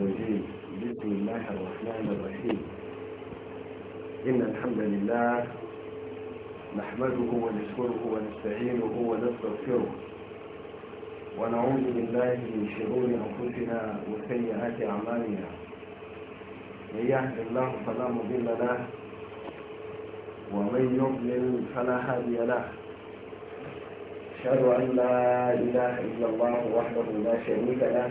الرجيم بسم الله الرحمن الرحيم إن الحمد لله نحمده ونشكره ونستعينه ونستغفره ونعوذ بالله من شرور أنفسنا وسيئات أعمالنا من يهد الله فلا مضل له ومن يضلل فلا هادي له أشهد أن لا إله إلا الله وحده لا شريك له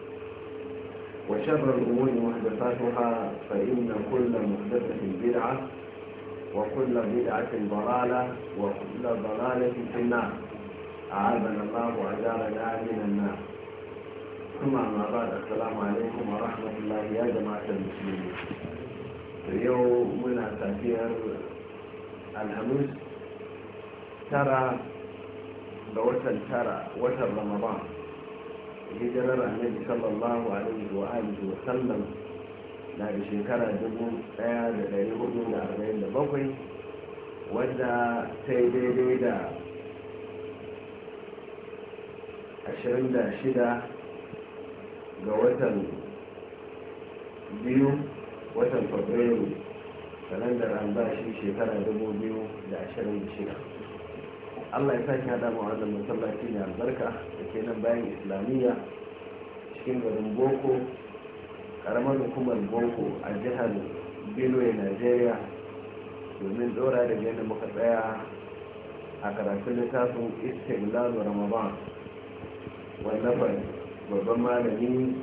وشر الأمور محدثاتها فإن كل محدثة بدعة وكل بدعة ضلالة وكل ضلالة في النار أعاذنا الله وأجارنا من النار ثم أما بعد السلام عليكم ورحمة الله يا جماعة المسلمين اليوم من تأثير الأمس ترى بوتر ترى وشر رمضان hijirar annabi sallallahu alaihi wa alihi wa sallam na da shekara bakwai wadda ta yi daidai da shida ga watan biyu watan fabrairu kalandar an shi shekara shida allah ya sake hada mu wannan masallaci ne albarka da ke nan bayan islamiyya cikin garin boko karamar hukumar boko a jihar benue nigeria domin dora da yadda muka tsaya a karatun littafin istiglalu ramadan wallafar babban malami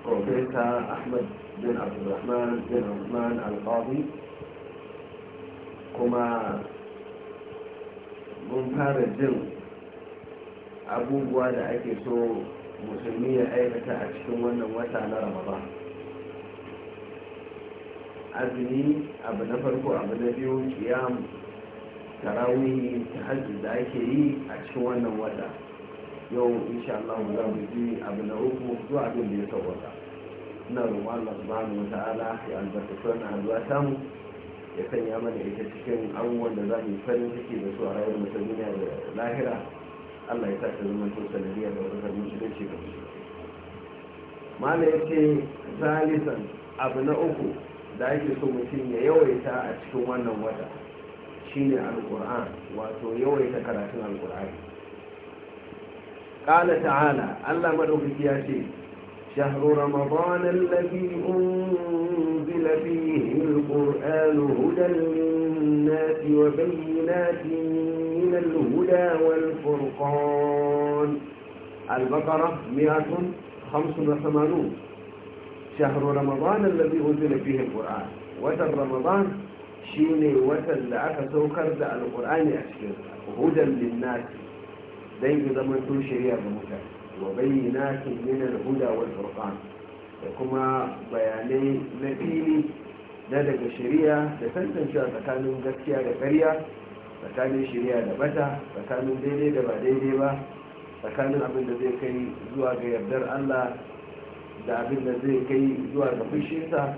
profesa ahmad bin abdulrahman bin Abdulrahman al kuma mun fara jin abubuwa da ake so musulmi ya aikata a cikin wannan wata na ramaba azumi abu na farko abu na biyu kiyam tarawihi ta hajji da ake yi a cikin wannan wata yau insha Allah za mu ji abu na uku zuwa abin da ya sauwaka ina roƙon Allah subhanahu wa ta'ala ya albarkatu na haduwa samu ya sanya mana ita cikin abubuwan da za mu farin ciki da su a rayuwar mu ta da lahira Allah ya sa ta zama to sanadiyar da wata shi da musulunci mala ya ce salisan abu na uku da yake so mutum ya yawaita a cikin wannan wata shine Alƙur'an, wato yawaita karatun alkur'ani ƙala ta'ala allah maɗaukaki ya ce شهر رمضان الذي أنزل فيه القرآن هدى للناس وبينات من الهدى والفرقان البقرة 185 شهر رمضان الذي أنزل فيه القرآن وتر رمضان شيني وتر لأكا سوكر القرآن أشكر هدى للناس دايما زمن كل شريعة بمكان وبينات من الهدى والفرقان وكما بياني نبيني ندق الشريعة لتنتن شاء تكانون قسيا لقرية تكانون شريعة لبتا تكانون ديلي دبا ديلي با تكانون أبن الذي كي زوا يبدر الله دا abin da كي kai zuwa ga fushinsa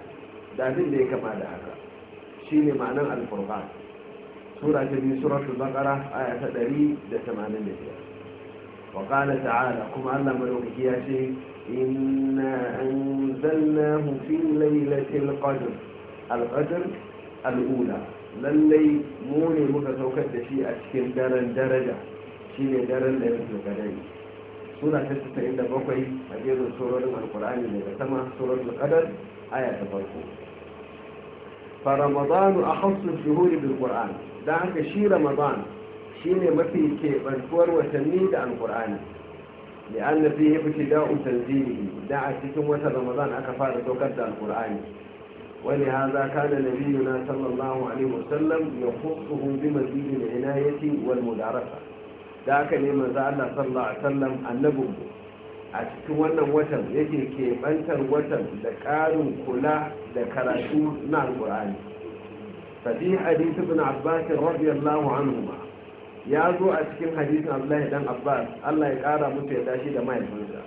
da abin da ya kama da haka shi سورة ma'anar alfurqan sura ta biyu suratul baqara وقال تعالى قم ألا ملوك إنا أنزلناه في ليلة القدر القدر الأولى للي موني متسوكت شيء أشكل درن درجة شيء درن ليلة تستطيع سورة 97 أجيز سورة القرآن اللي تسمى سورة القدر آية تفرقون فرمضان أخص الشهور بالقرآن دعك شي رمضان shine mafi keɓantuwar watanni da alkur'ani da an na fiye da'un tanzili da a cikin wata ramadan aka fara saukar da alkur'ani wani haza kana nabiyuna sallallahu alaihi wasallam ya kusuhu bi mazidin inayati wal mudarasa da aka ne manzo Allah sallallahu alaihi wasallam annabin a cikin wannan watan yake keɓantar watan da ƙarin kula da karatu na alkur'ani ففي حديث ابن عباس رضي الله ya zo a cikin hadisin Allah dan abbas allah ya kara mutu ya shi da mahaifinsa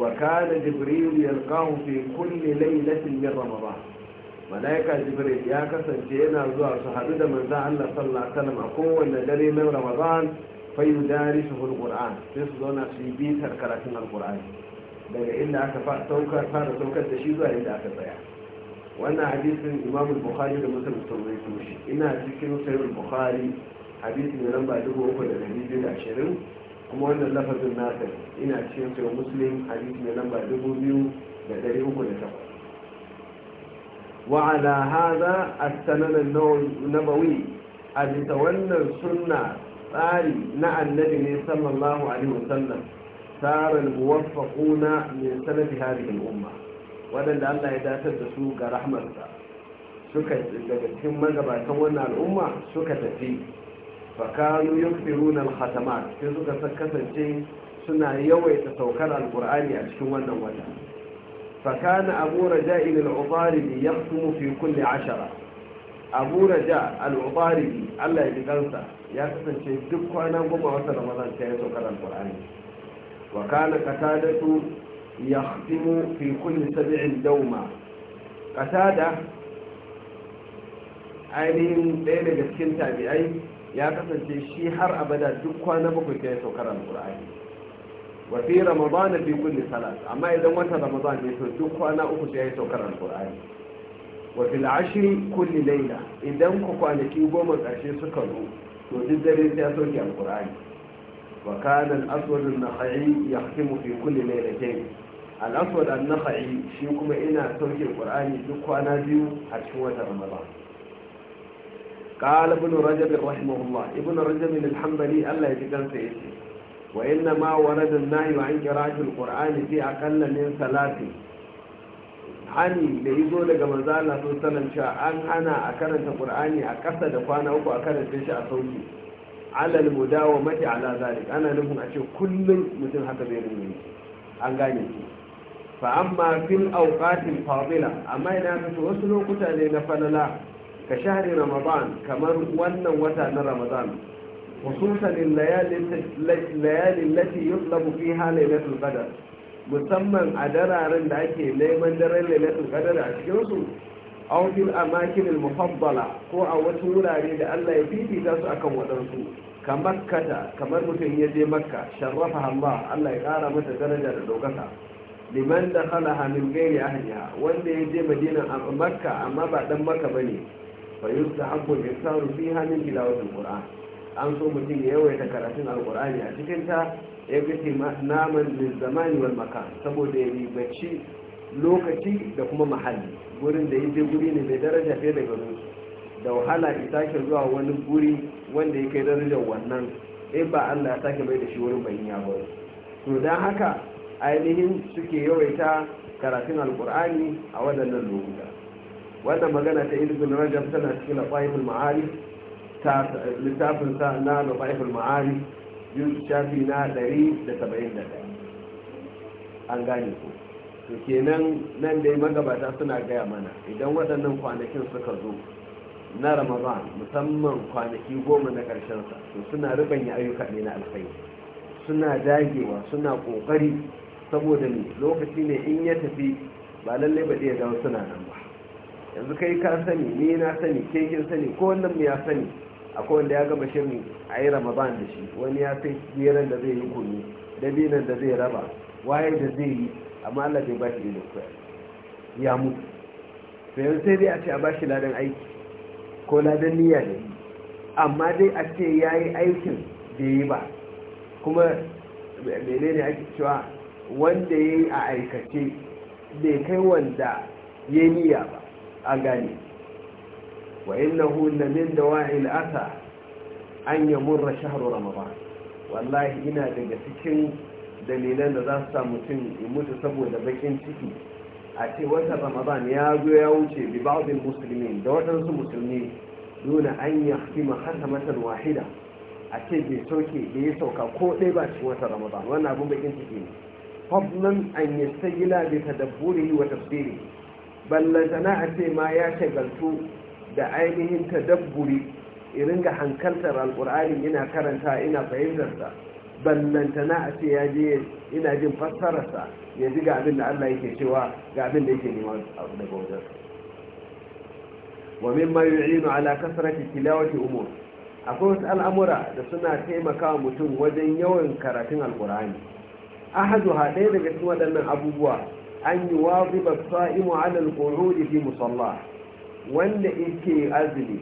wa kana jibril yalqahu fi kulli laylatin min ramadan malaika jibril ya kasance yana zuwa su hadu da manzo allah sallallahu alaihi wasallam a kowanne dare na ramadan fa yudarisuhu alquran sai su zauna su bi bitar karatun alqurani daga inda aka saukar fara saukar da shi zuwa inda aka tsaya wannan hadisin imam bukhari da muslim sun rawaito shi ina cikin sahih bukhari hadisi da lamba dubu uku da dari biyu da ashirin kuma wannan lafazin nasa ina cikin sayo muslim hadisi da lamba dubu biyu da dari uku da takwas وعلى هذا السنن النبوي أجد ون السنة tsari na annabi ne sallallahu alaihi wasallam tsarin muwaffaquna min sanati hadhihi al-umma waɗanda Allah ya datar da su ga rahmarsa suka daga cikin magabatan wannan al'umma suka tafi fakanu yunfirun al-khatamat sai suka kasance suna yawaita saukar alkur'ani a cikin wannan wata fakana abu raja'in al-utaribi yaktumu fi kulli ashara abu raja al-utaribi Allah ya kansa ya kasance duk kwana goma wata ramadan sai ya saukar alkur'ani wa kana qatadatu yakhtimu fi kulli sab'in dawma ainihin ɗaya daga cikin tabi'ai ya kasance shi har abada duk kwana bakwai ta ya saukar alƙur'ani wa fi ramadana fi kulli salat amma idan wata ramadan ne to duk kwana uku ta ya saukar alƙur'ani wa fil ashri kulli layla idan ku kwanaki goma ƙarshe suka zo to duk dare ta sauke alƙur'ani wa kana al-aswad an-nakhai yahkimu fi kulli laylatayn al-aswad an-nakhai shi kuma ina sauke alƙur'ani duk kwana biyu a cikin wata ramadan قال ابن رجب رحمه الله ابن رجب الحنبلي الله يتكن سيئتي وإنما ورد النهي عن قراءة القرآن في أقل من ثلاث hani da izo daga manzo Allah sallallahu alaihi cewa an hana a karanta Qur'ani a ƙasa da kwana uku a karanta shi a sauki alal mudawamati ala zalik ana nufin a ce kullum mutum haka zai rinne an gane ki fa amma fil awqatil fadila amma idan ka wasu lokuta ne na falala ka shahari ramadan kamar wannan wata na ramadan hususan layalin lati yutlabu fi halailatul qadar musamman a dararen da ake neman daren lailatul qadar a cikin su aw fil amakin al mufaddala ko a wasu wurare da Allah ya fifita su akan wadansu kamar kata kamar mutum ya je makka sharrafa Allah Allah ya kara mata daraja da daukaka liman da khalaha min gairi ahliha wanda ya je a makka amma ba dan makka bane fayusta hakkun ya saru fi hannun tilawatul qur'an an so mutum ya yawaita karatun alqur'ani a cikin ta ya kace naman lil zamani wal makan saboda ya bacci lokaci da kuma mahalli gurin da yake guri ne mai daraja fiye da garin da wahala ya sake zuwa wani guri wanda ya kai darajar wannan in ba Allah ya sake mai da shi wurin bayin ya ba to dan haka ainihin suke yawaita karatun alqur'ani a waɗannan lokuta wannan magana ta ibn rajab tana cikin lafaiful ma'ari littafin sa na lafaiful ma'ari yin shafi na 171 an gane ku to kenan nan dai magabata suna gaya mana idan waɗannan kwanakin suka zo na ramadan musamman kwanaki goma na ƙarshen sa to suna rubanya ayyuka ne na alfai suna dagewa suna ƙoƙari saboda ne lokaci ne in ya tafi ba lallai ba ɗaya dawo suna nan ba. yanzu kai ka sani ni na sani ke kin sani ko wannan mu ya sani akwai wanda ya gama shirin a yi ramadan da shi wani ya sai geran da zai yi kunu dabinan da zai raba waye da zai yi amma Allah bai ba shi ilimin ya mutu to yanzu sai dai a ce a ba shi ladan aiki ko ladan niyya ne amma dai a ce ya yi aikin da yi ba kuma menene ake cewa wanda ya yi a aikace bai kai wanda ya niyya ba an gane wa innahu la min dawa'il asa an yamurra shahru ramadan wallahi ina daga cikin dalilan da za su sa mutum ya mutu saboda bakin ciki a ce wata ramadan ya zo ya wuce bi ba'dil muslimin da waɗansu musulmi nuna an yahtima hasamatan wahida a ce bai soke da ya sauka ko ɗaya ba cikin wata ramadan wannan abin bakin ciki ne fadlan an yastayila bi tadabburi wa tafsiri ballantana a ce ma ya shagaltu da ainihin tadabburi irin ga hankaltar alkur'ani ina karanta ina fahimtarsa ballantana a ce ya je ina jin fassararsa ya ji ga abin da Allah yake cewa ga abin da yake neman abu daga wajen wa mimma yu'inu ala kasrati tilawati umur akwai wasu al'amura da suna taimakawa mutum wajen yawan karatun alkur'ani ahadu ha ɗaya daga cikin waɗannan abubuwa an yi waziba sa'imu alal qu'udi fi musalla wanda yake azumi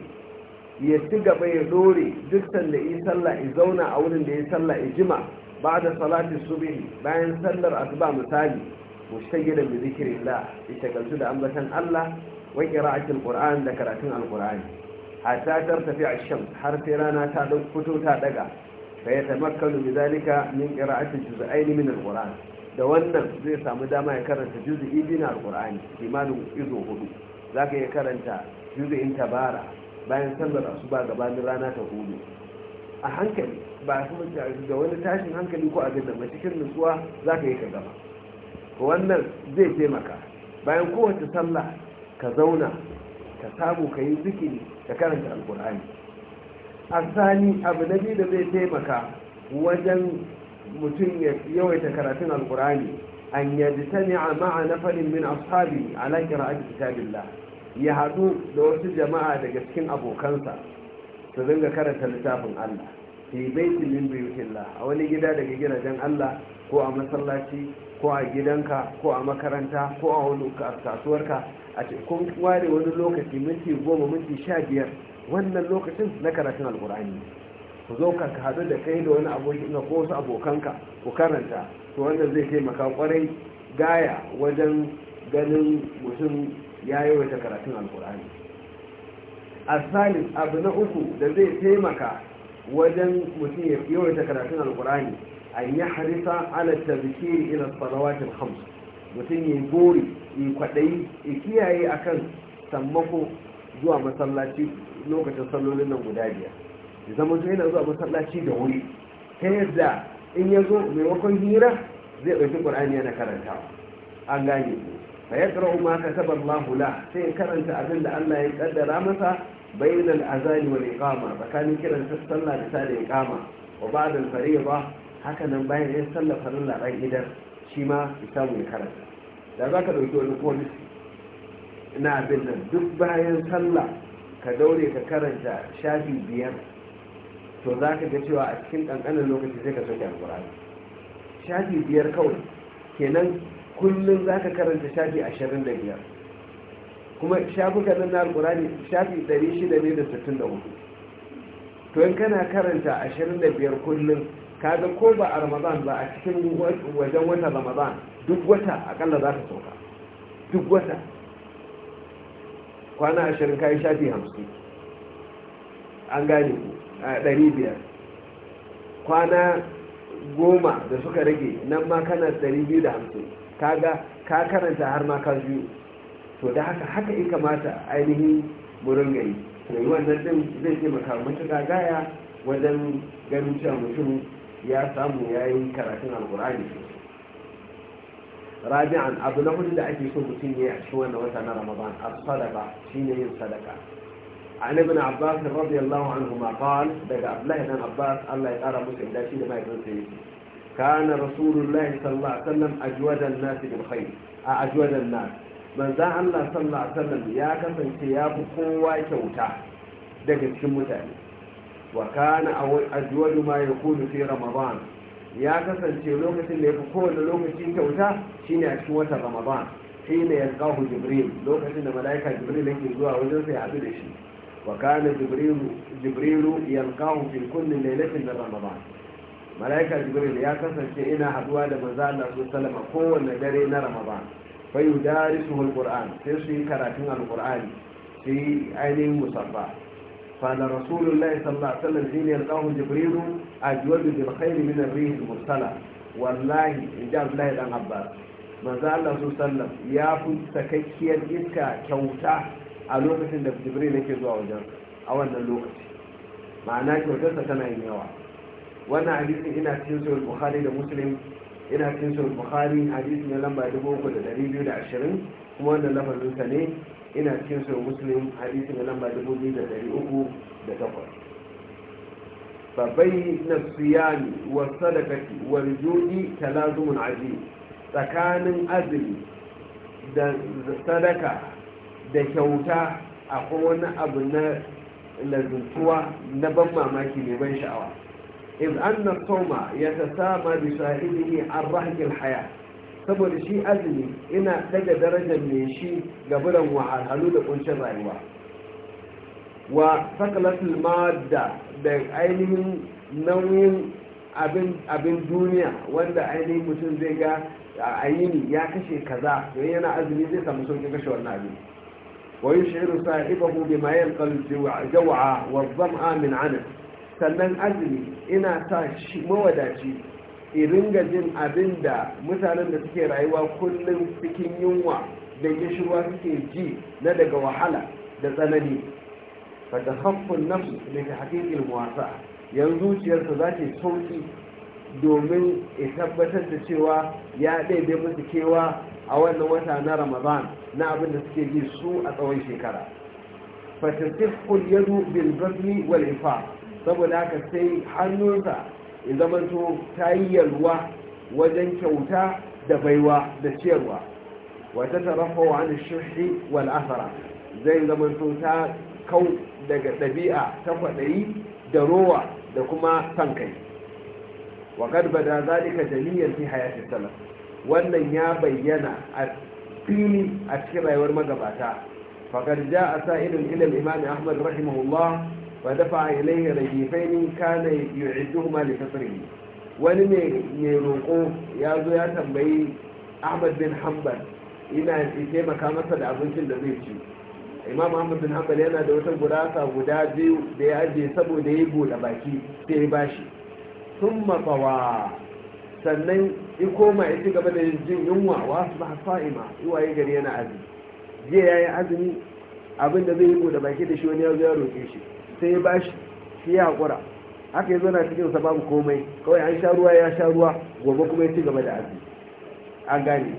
ya ci gaba ya dore duk sanda yi sallah ya zauna a wurin da ya sallah ya jima ba da salati subhi bayan sallar asuba misali mushtagilan bi zikrillah ya shagaltu da ambatan Allah wa qira'atul qur'an da karatun alqur'ani hatta tartafi ash-shams har sai rana ta fito ta daga fa yatamakkanu bi zalika min qira'ati juz'ain min alqur'an da wannan zai samu dama ya karanta juzu'i idina na alkur'ani izo hudu za ka iya karanta in tabara bayan sallar asuba gabanin rana ta hudu a hankali ba su da wani tashin hankali ko abin da cikin nutsuwa za ka yi ka gama wannan zai taimaka bayan kowace sallah ka zauna ka samu ka yi zikiri ka karanta alkur'ani a sani abu na biyu da zai taimaka wajen mutum ya yawaita karatun alkur'ani an yajtami'a ma'a fadin min ashabi ala qira'ati kitabillah ya haɗu da wasu jama'a daga cikin abokansa su dinga karanta littafin Allah fi baiti min buyutillah a wani gida daga gidajen Allah ko a masallaci ko a gidanka ko a makaranta ko a wani kasuwarka a cikin ware wani lokaci minti goma minti sha biyar wannan lokacin na karatun alkur'ani ku zo ka haɗu da kai da wani abokin ko wasu abokanka ku karanta to wannan zai taimaka kwarai gaya wajen ganin mutum ya yi wata karatun alkur'ani salis abu na uku da zai taimaka wajen mutum ya yi wata karatun alkur'ani Anyi yi harisa ala tabbikiri ila salawatil Hamsu, mutum ya gori ya kwaɗayi ya kiyaye akan sammako zuwa masallaci lokacin sallolin nan guda biyar ya zama yana zuwa masallaci da wuri ta yadda in ya zo maimakon hira zai ɗauki ƙur'ani yana karanta an gane fa ya ƙara ma ka taɓa mahula sai ya karanta abin da allah ya ƙaddara masa bainal azani wal iqama tsakanin kiran sallah da ta da wa ba'da al-fariḍa haka nan bayan ya sallah farilla ran shi ma ya samu ya karanta da za ka ɗauki wani polis na abin nan duk bayan sallah ka daure ka karanta shafi biyar to za ka ga cewa a cikin ƙanƙanin lokaci sai ka soke alƙur'ani shafi biyar kawai kenan kullum za ka karanta shafi ashirin da biyar kuma shafuka nan na alƙur'ani shafi ɗari shida ne da sittin da hudu to in kana karanta ashirin da biyar kullum ka ga ko ba a ramadan ba a cikin wajen wata ramadan duk wata aƙalla za ka sauka duk wata kwana ashirin ka yi shafi hamsin an gane ku 500 kwana goma da suka rage nan ma kana 250 kaga ka karanta har ma ka biyu to da haka haka ya kamata ainihin murin gari yi wannan din zai taimaka matuƙa gaya wajen ganin cewa mutum ya samu yayin karatun alkur'ani rabi'an abu na hudu da ake so mutum ya yi a cikin wannan wata na ramadan a sadaqa shine yin sadaka عن ابن عباس رضي الله عنهما قال لقى عبد الله بن عباس الله يقرا مسلم ده ما يكون كان رسول الله صلى الله عليه وسلم اجود الناس بالخير اجود الناس من ذا الله صلى الله عليه وسلم يا kowa kyauta daga cikin mutane wa kana ajwadu ma yakunu ramadan ya kasance lokacin da ya fi kowane lokaci kyauta shine a cikin watan ramadan shine ya kawo jibril lokacin da malaika jibril yake zuwa wajen sa ya haɗu da shi وكان جبريل جبريل يلقاه في كل ليلة من رمضان ملائكة جبريل يا كسر شئنا حدوا لما زال الله سلم قوة نجري رمضان فيدارسه القرآن تشي كراتين القرآن في عينه مصفى قال رسول الله صلى الله عليه وسلم حين يلقاه جبريل أجود بالخير من الريح المرسلة والله إجاب الله الأنبار ما زال الله سلم يا فن سكيكيا إذكا كوتا a lokacin da jibril yake zuwa wajen a wannan lokaci ma'ana kyautarsa tana yin yawa wannan hadisin ina cikin sahih bukhari da muslim ina cikin sahih bukhari hadisi ne lamba 3220 kuma wannan lafazin sa ne ina cikin sahih muslim hadisi ne lamba 2308 babai na siyani wa sadakati wa rujudi talazumun aji tsakanin azumi da sadaka da kyauta akwai wani abu na lazuntuwa na ban mamaki mai ban sha'awa iz anna soma ya ta sama bi sahibihi an rahakil haya saboda shi azumi ina daga darajar mai shi gaburan wahalhalu da kuncin rayuwa wa sakalatul madda da ainihin nauyin abin duniya wanda ainihin mutum zai ga a yini ya kashe kaza don yana azumi zai samu sauƙin kashe wannan abin ويشعر صاحبه بما يلقى الجوع والظمأ من عنف sannan azumi ina sa shi mawadaci iringa jin abin da mutanen da suke rayuwa kullum cikin yunwa da gishirwa suke ji na daga wahala da tsanani daga haƙƙun nafsu da ta wasa yanzu zuciyarsa za ta sauƙi. domin ya tabbatar da cewa ya ɗaiɗe musu kewa a wannan wata na ramadan na abin da suke yi su a tsawon shekara kun yadu bin bazmi wal saboda haka sai hannunsa ya zamanto ta yi yalwa wajen kyauta da baiwa da ciyarwa wata rafa wa an shirhi wal asara zai zamanto ta kau daga ɗabi'a ta kwaɗayi da rowa da kuma san kai wa kad bada zalika jami'an fi hayati salaf wannan ya bayyana a fili a cikin rayuwar magabata faqad ja sa ila al-imam ahmad rahimahullah wa dafa ilayhi rajifain kana yu'idduhuma li fasrihi wani ne mai roƙo ya zo ya tambayi ahmad bin hanbal ina taimaka masa da abincin da zai ci imam ahmad bin hanbal yana da wata gurasa guda biyu da ya ajiye saboda ya yi buɗe baki sai ya bashi sun matsawa sannan koma ya ci gaba da Yin yunwa wasu ba fa'ima iwaye gari yana azumi jiya ya yi azumi abin da zai yi da baki da shi wani ya ya roƙe shi sai ya bashi shi ya haƙura haka ya zana cikin sa babu komai kawai an sha ruwa ya sha ruwa gobe kuma ya ci gaba da azumi an gane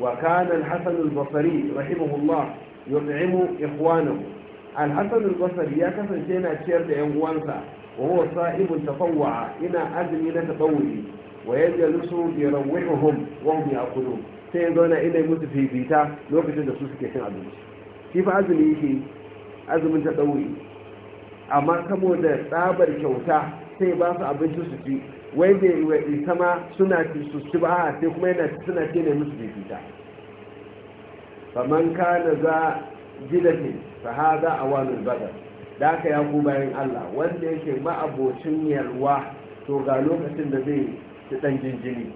wa kana al-hasan al-basri rahimahullah yut'imu ikhwanahu al-hasan al-basri ya kasance yana ciyar da yan uwansa wa huwa sa'ibun tatawwa ina azumi na tatawwi wa yajlisu yarawihum wa hum ya'kulun sai yanzu na ina musu fifita lokacin da su suke cin abinci shi fa azumi yake azumin tatawwi amma saboda tsabar kyauta sai ba su abinci su ci wai da ita ma suna ci su ba a sai kuma yana suna ce ne musu fifita faman kana za gidatin fa hada awalul badar da aka ya ku bayan Allah wanda yake ma'abocin yalwa to ga lokacin da zai ci ɗan jinjini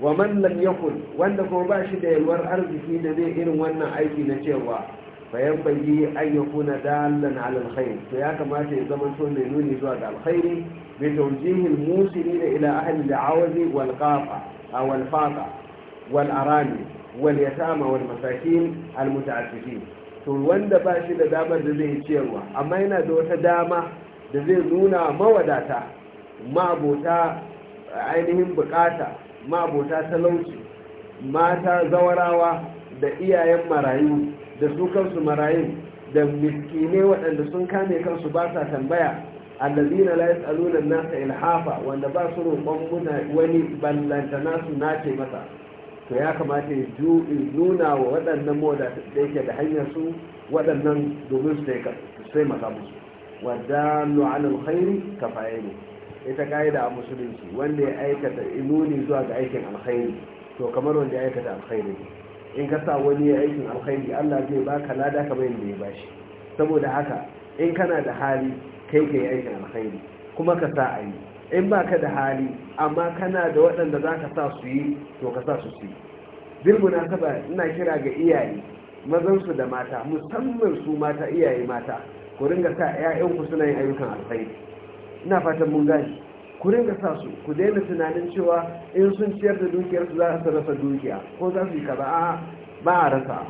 wa man lam yakun wanda kuma ba shi da yalwar arziki da zai irin wannan aiki na cewa bayan bayi an yakuna dalan ala alkhair to ya kamata ya zama to mai nuni zuwa ga alkhairi bi tawjihil musirina ila ahli al'awazi wal qafa aw al faqa wal arani wal yatama wal masakin al muta'affifin to wanda ba shi da damar da zai ciyarwa amma yana da wata dama da zai nuna mawadata ma'abota ainihin bukata ma'abota talauci mata zawarawa da iyayen marayu da su kansu marayun da miskine waɗanda sun kame kansu ba sa tambaya allazina la yas'aluna an-nasa ilhafa wanda ba su roƙon wani ballanta nasu nace masa to ya kamata ya nuna wa waɗannan moda da yake da hanyar su waɗannan domin su taimaka musu wadda lu'anar khairi ka fa'ilu ita ka'ida a musulunci wanda ya aikata inuni zuwa ga aikin alkhairi to kamar wanda ya aikata alkhairi in ka sa wani ya aikin alkhairi allah zai baka lada kamar yadda ya bashi saboda haka in kana da hali kai ka yi aikin alkhairi kuma ka sa a yi in ba ka da hali amma kana da waɗanda za ka sa su yi to ka sa su su yi bilmuna saba ina kira ga iyaye mazansu da mata musamman su mata iyaye mata ku ringa sa 'ya'yanku suna yin ayyukan alkhairi ina fatan mun gani ku ringa sa su ku daina tunanin cewa in sun ciyar da dukiyarsu za su rasa dukiya ko za su yi ka ba a rasa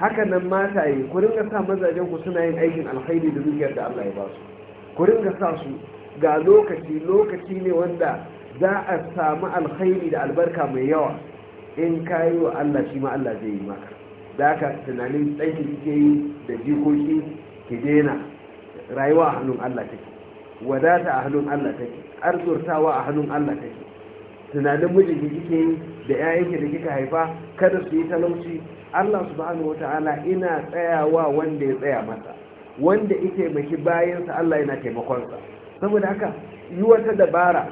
Haka nan mata yi ku ringa sa mazajen ku suna yin aikin alkhairi da dukiyar da Allah ya ba su ku ringa sa su ga lokaci lokaci ne wanda za a samu alkhairi da albarka mai yawa in ka yi wa Allah shi ma Allah zai yi maka da ka tunanin tsanki kike yi da jikoki ki dena. rayuwa a hannun Allah take wadata a hannun Allah take arzurtawa a hannun Allah take tunanin mijinki kike yi da 'ya'yanki da kika haifa kada su yi talauci Allah subhanahu wata'ala ina tsayawa wanda ya tsaya masa wanda ya taimaki bayansa Allah yana taimakonsa saboda haka yi wata dabara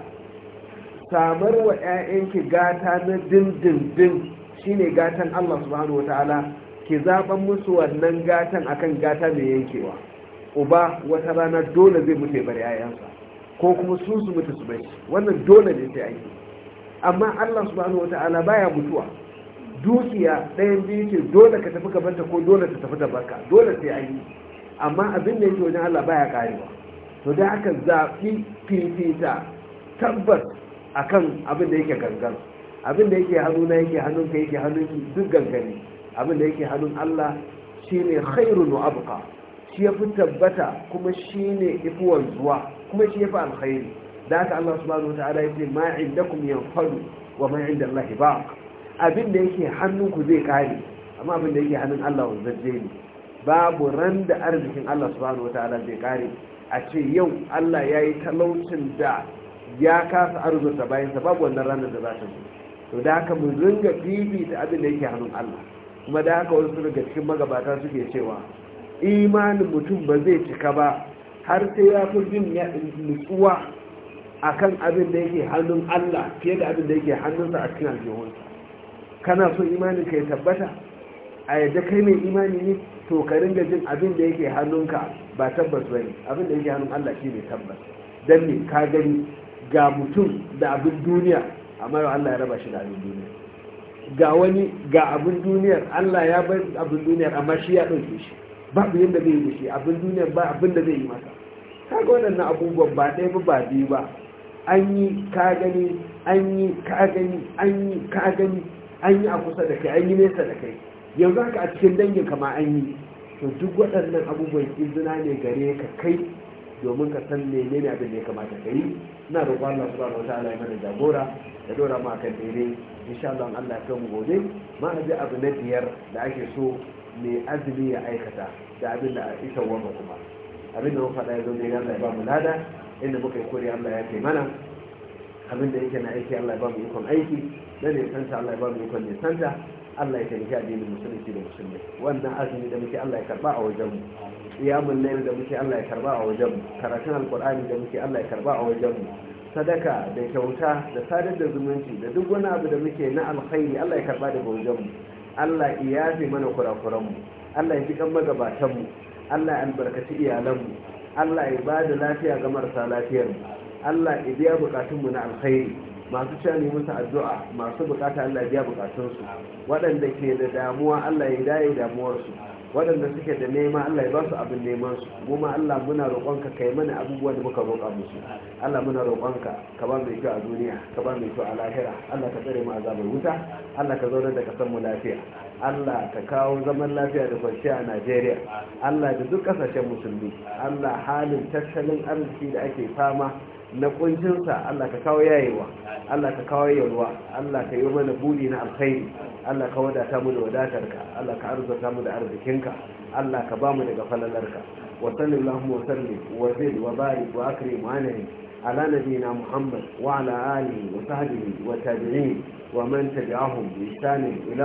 samar wa 'ya'yanki gata na dindindin shine gatan Allah subhanahu wataala ki zaben musu wannan gatan akan gata mai yankewa uba wata rana dole zai mutu bar 'ya'yansa ko kuma su su mutu su bai wannan dole ne sai aiki amma Allah subhanahu wataala baya mutuwa dukiya ɗayan biyu ce dole ka tafi gabanta ko dole ta tafi da barka dole sai aiki amma abin da yake wajen Allah baya karewa to da aka zafi fifita tabbat akan abin da yake gangan abin da yake na yake hannunka yake hannun duk gangane abin da yake hannun Allah shine khairun wa abqa shi yafi tabbata kuma shine ifuwar zuwa kuma shi yafi alkhairi da haka Allah subhanahu wataala yace ma indakum yanfadu wa ma inda Allah baq abin da yake hannunku zai kare amma abin da yake hannun Allah wanzaje ne babu ran da arzikin Allah subhanahu wataala zai kare a ce yau allah ya yi talaucin da ya kasa arzuta bayansa babu wannan ranar da za ta zo to da haka mu ringa da abin da yake hannun allah kuma da haka wasu daga cikin magabata suke cewa imanin mutum ba zai cika ba har sai ya fi jin nutsuwa a kan abin da yake hannun allah fiye da abin da yake hannunsa a cikin aljihunsa kana so imanin ka ya tabbata a yadda kai mai imani ne to ka ringa jin abin da yake hannunka ba tabbas bane abin da yake hannun Allah shi ne tabbas dan ne ka gani ga mutum da abin duniya amma yau Allah ya raba shi da abin duniya ga wani ga abin duniyar Allah ya bar abin duniyar amma shi ya dauke shi babu yadda zai yi shi abin duniyar ba abin da zai yi masa wannan na abubuwan ba ɗaya ba ba biyu ba an yi ka gani an yi ka gani an yi ka gani an yi a kusa da kai an yi nesa da kai yanzu haka a cikin dangin kama an yi to duk waɗannan abubuwan izina ne gare ka kai domin ka san ne ne abin da ya kamata ka yi ina roƙon Allah subhanahu wataala ya mana jagora da dora ma kan daidai insha Allah Allah ya mu gobe ma abu na biyar da ake so ne azumi ya aikata da abin da ita wanda kuma abin da mun faɗa ya zo ne ya ba mu lada inda muka yi kore Allah ya kai mana abin da yake na aiki Allah ya ba mu ikon aiki na ne santa Allah ya ba mu ikon ne santa Allah ya taimaki addinin musulunci da musulmi wannan azumi da muke Allah ya karba a wajen mu qiyamul layl da muke Allah ya karba a wajen mu karatun alqur'ani da muke Allah ya karba a wajen mu sadaka da kyauta da sadar da zumunci da duk wani abu da muke na alkhairi Allah ya karba daga wajen mu Allah ya yafe mana kurakuran mu Allah ya ji kan magabatan mu Allah ya albarkaci iyalan mu Allah ya bada lafiya ga marasa lafiyar mu Allah ya biya bukatun mu na alkhairi masu sha ne musu addu'a masu bukata Allah ya bukatunsu waɗanda ke da damuwa Allah ya daye damuwarsu waɗanda suke da nema Allah ya ba su abin neman su kuma Allah muna roƙonka kai mana abubuwan da muka roƙa musu Allah muna roƙonka ka ba mai kyau a duniya ka ba mai kyau a lahira Allah ka tsare mu azabar wuta Allah ka zauna da ka san mu lafiya Allah ta kawo zaman lafiya da kwanciya a Najeriya Allah da duk kasashen musulmi Allah halin tattalin arziki da ake fama na kuncinsa Allah ka kawo yayewa Allah ka kawo yalwa Allah ka yi mana buri na alkhairi Allah ka wadata mu da wadatarka Allah ka arzuta mu da arzikinka Allah ka ba mu daga falalarka wa sallallahu wa sallim wa zid wa barik wa akrim wa على wa محمد wa آله wa وتابعين ومن تبعهم بإحسان إلى